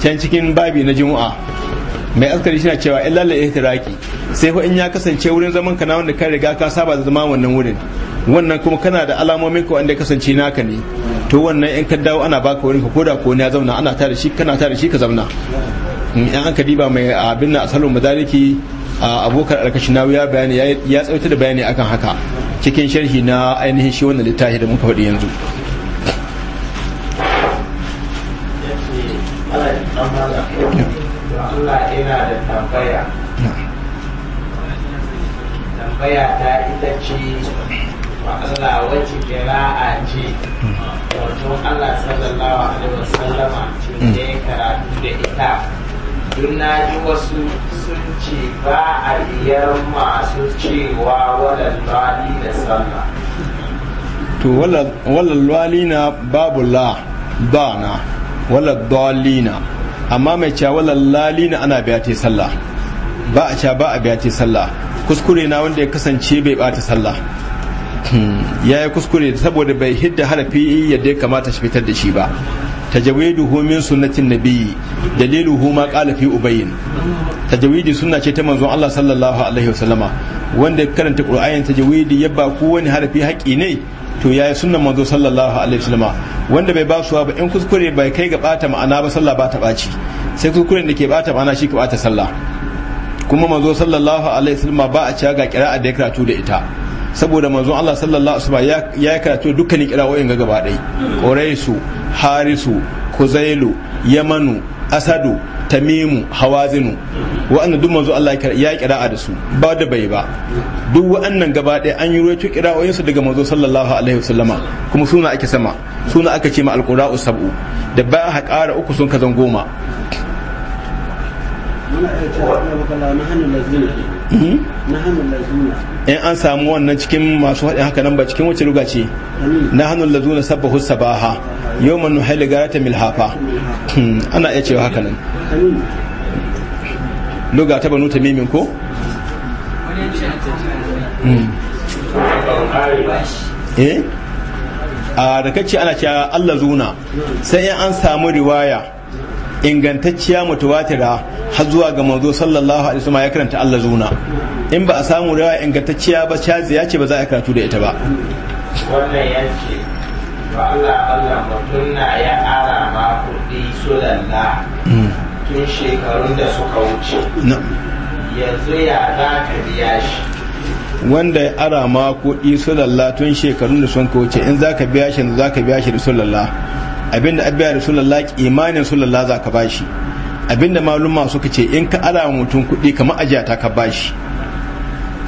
can cikin babi na juma'a mai askari shi na cewa illa la ihtiraki sai fa in ya kasance wurin zaman ka na wanda ka riga ka saba da zama wannan wurin wannan kuma kana da alamomin ka wanda kasance naka ne to wannan in ka dawo ana baka wurin ka koda ko ne ya zauna ana tare shi kana tare shi ka zauna in an ka diba mai abin na asalin madariki abokan na wuya bayani ya tsawaita da bayani akan haka cikin sharhi na ainihin shi wannan littafi da muka faɗi yanzu yana da tambaya tambaya ta ita ce Allah wace kira'a ce wato Allah sallallahu alaihi wasallama da ya karatu da ita duk na ji wasu sun ce ba a biyar masu cewa walallali da sallah to walallali na babu la ba na walallali na amma mai cewa lali na ana biya ta sallah ba a cewa ba a biya ta sallah kuskure na wanda ya kasance bai bata sallah hmm, ya yi kuskure saboda bai hidda harafi yadda ya kamata shi fitar da shi ba tajawwiduhu min sunnatin nabiyyi daliluhu ma qala fi ubayin. tajawidi sunna ce ta manzon Allah sallallahu alaihi wasallama wanda ya karanta qur'anin tajawidi ya ba ko wani harafi haƙi ne to yayi sunnan manzo sallallahu alaihi wasallam wanda bai ba su ba in kuskure bai kai ga bata ma'ana ba sallah ba ta baci sai kuskuren da ke bata ma'ana shi ka bata sallah kuma manzo sallallahu alaihi wasallam ba a ciya ga kira'a da ya karatu da ita saboda manzo Allah sallallahu alaihi wasallam ya karatu dukkanin kira'o'in ga gaba ɗaya quraisu harisu kuzailu yamanu asadu tamimu hawazinu wa'annan duk manzo Allah ya kira da su ba da bai ba duk wa'annan gaba ɗaya an yi kira kira'o'in su daga manzo sallallahu alaihi wasallama kuma suna ake sama suna aka ce ma alqura'u sab'u da ba ha ƙara uku sun zan goma Hmm? in an samu wannan cikin masu haɗin haka nan ba cikin wace ruga ce na hannun lazuna sabba hussa ba ha yau manu haili garata milhafa hmm, ana iya cewa haka nan luga ta banu ta mimin ko? Hmm. Eh? a da kacce ana cewa allah zuna sai in an samu riwaya ingantacciya mutuwatira har zuwa ga manzo sallallahu alaihi wasallam ya karanta Allah zuna in ba a samu rawa ingantacciya ba shaziya ce ba za a karatu da ita ba wannan yace ba Allah Allah mutum na ya ara ma kuɗi sulalla hmm. tun shekarun da suka wuce yanzu ya za ka biya shi wanda ya ara ma kuɗi sulalla tun shekarun da suka wuce in za ka biya shi za ka biya shi da sulalla abinda abiya da sulalla imanin sulalla za ka bashi shi abinda maluma suka ce in ka ala mutum kuɗi kamar ajiya ta ka bashi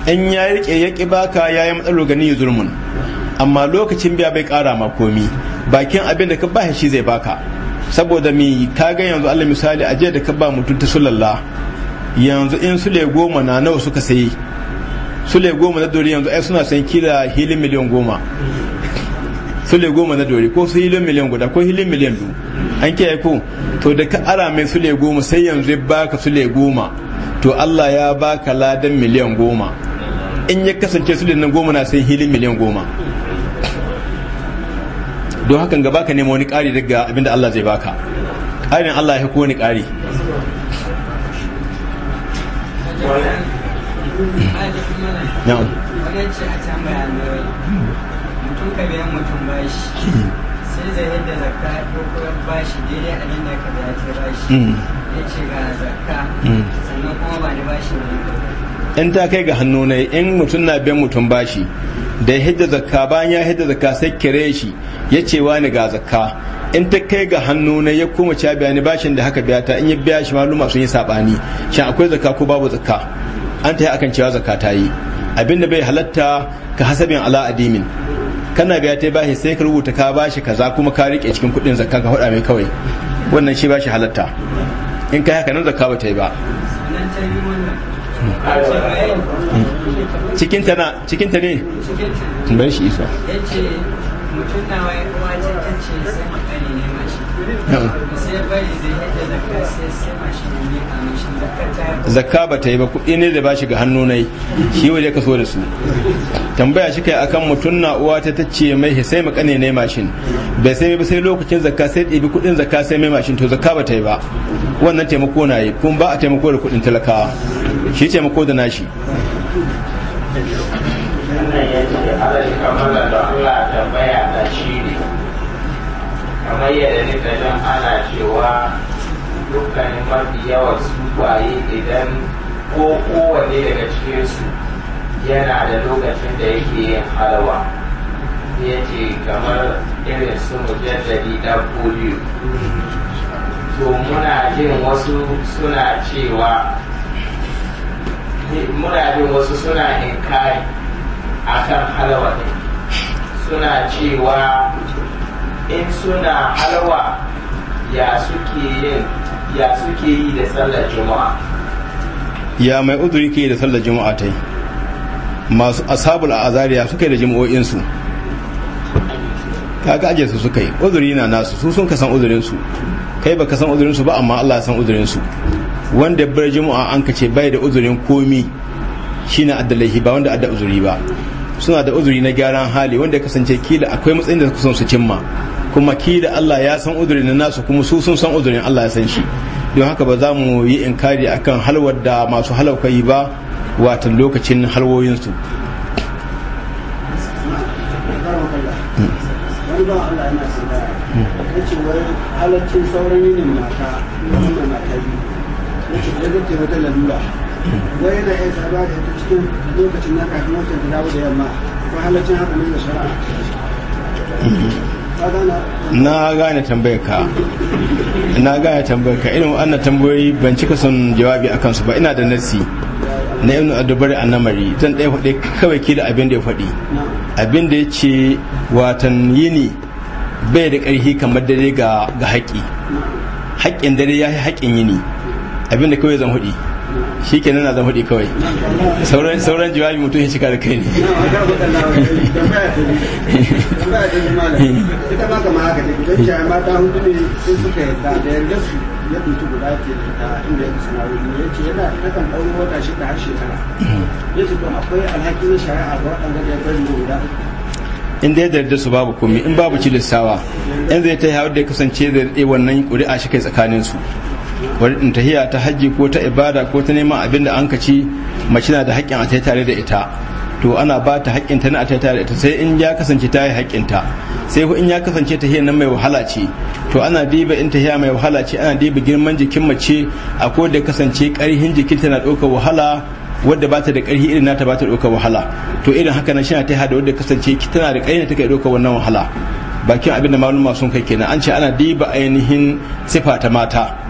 in ya rike ya ki baka ya yi matsalo gani ya zulmun amma lokacin biya bai kara ma komi bakin abin da ka bashi shi zai baka saboda mi ka ga yanzu Allah misali ajiya da ka ba mutum ta sulalla yanzu in sule goma na nawa suka sayi sule goma na dori yanzu ai suna san kila hili miliyan goma sule goma na dori ko su hili miliyan guda ko hili miliyan biyu an kiyaye ku to da ka ara mai sule goma sai yanzu ba ka sule goma to Allah ya baka ladan miliyan goma in ya kasance sule nan goma na sai hilin miliyan goma don hakan ga ka nemo wani ƙari daga abinda Allah zai baka ƙarin Allah ya wani ƙari na'am mutum ka biyan mutum bashi Hmm. Hmm. in ta kai ga hannu in mutum na biyan mutum bashi da ya hidda zakka bayan ya hidda zakka sai kire shi ya ce wani ga zakka in ta kai ga hannu ya koma ci biya ni bashin da haka biyata in ya biya shi maluma sun yi sabani shin akwai zakka ko babu zakka an ta yi akan cewa zakka ta yi abinda bai halatta ka hasabin ala adimin kana biya ta bashi sai ka rubuta ka bashi kaza kuma ka rike cikin kudin zakka ka hada mai kawai wannan shi bashi halatta in kai haka nan zakka ba ta yi ba cikin na cikin ta ne bai shi isa mutum na wai kuma ta ce sai makani ne mashi zakka ba ta yi ba kuɗi ne da ba shi ga hannu na yi shi waje ka so da su tambaya shi kai akan mutum na uwa ta ta ce mai sai mu kane ne mashin bai sai ba sai lokacin zakka sai ɗibi kuɗin zakka sai mai mashin to zakka ba ta yi ba wannan taimako na yi kuma ba a taimako da kuɗin talakawa shi taimako da nashi kamar yadda ana cewa dukkanin mafi yawan sufaye idan ko kowanne daga cikinsu yana da lokacin da yake yin halawa ya ce kamar irin su mujaddadi da polio to muna jin wasu suna cewa muna jin wasu suna inkari a kan halawa suna cewa in suna halawa ya suke yi da sallar juma'a ya mai uzuri ke da sallar juma'a ta yi masu a azariya suka yi da jima'o'insu ta aje su suka yi uzuri na nasu su sun kasan uzurinsu kai ba kasan uzurinsu ba amma Allah san uzurinsu wanda bar juma'a an kace bai da uzurin komi shi na addalahi ba wanda adda uzuri ba suna da uzuri na gyaran hali wanda ya kasance kila akwai matsayin da suka son su cimma kuma ki da Allah ya san udurin na nasu kuma su sun san udurin Allah ya san shi don haka ba za mu yi inkari akan halwar da masu halauka yi ba watan lokacin halwoyinsu wai hmm. yana na gane tambayar ka na gane tambayoyi ban cika son jawabi akan su ba ina da nasi na ibnu a namari zan ɗaya faɗi kawai ke da abin da ya faɗi abin da ya ce watan yini bai da ƙarfi kamar dare ga haƙƙi haƙƙin dare ya yi haƙƙin yini abin da kawai zan faɗi shi ke nan na faɗi kawai sauran jawabi mutum ya cika da kai ne in da ya su babu komi in babu cilisawa in zai ta yi hawa da ya kasance zai wannan ƙuri'a shi kai tsakaninsu wadda tahiya ta hajji ko ta ibada ko ta neman abin da an ka ci mace na da haƙƙin a tai tare da ita to ana ba ta haƙƙin ta na a tai tare da ita sai in ya kasance ta yi haƙƙin ta sai in ya kasance tahiya nan mai wahala ce to ana diba in tahiya mai wahala ce ana diba girman jikin mace a ko da kasance ƙarhin jikin tana ɗaukar wahala wadda ba ta da ƙarfi irin nata ba ta ɗaukar wahala to irin haka nan shina ta hada wadda kasance tana da ƙarfi ta kai ɗaukar wannan wahala bakin abin da maluma sun kai kenan an ce ana diba ainihin sifa ta mata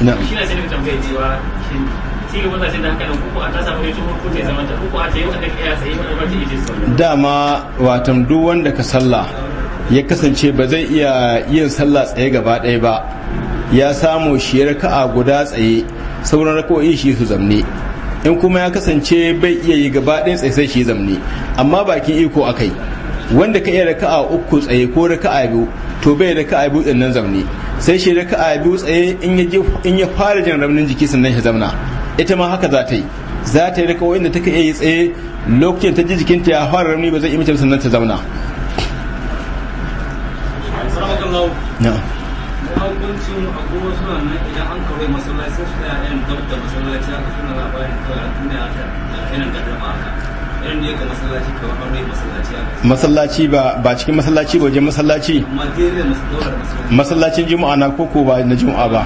a ta a ta dama watan duk wanda ka sallah ya kasance ba zai iya yin sallah tsaye gaba ɗaya ba ya samu shi raka'a guda tsaye sauran raka'o'i shi su zamne in kuma ya kasance bai iya yi gaba ɗin tsaye sai shi zamne amma bakin iko akai wanda ka iya raka'a uku tsaye ko raka'a biyu to bai raka'a biyu ɗin nan zamne sai shi raka a biyu tsaye in ya fara jin raunin jiki sannan shi zamana ita ma haka za ta yi za ta yi raka wa'inda ta iya yi tsaye lokacin ta ji jikinta ya fara rauni ba zai imita sannan ta zamana hukuncin masallaci ba ba cikin masallaci ba je masallaci masallacin juma'a na koko ba na juma'a ba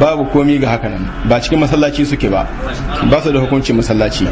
babu komi ga hakanan ba cikin masallaci suke ba ba su da hukuncin masallaci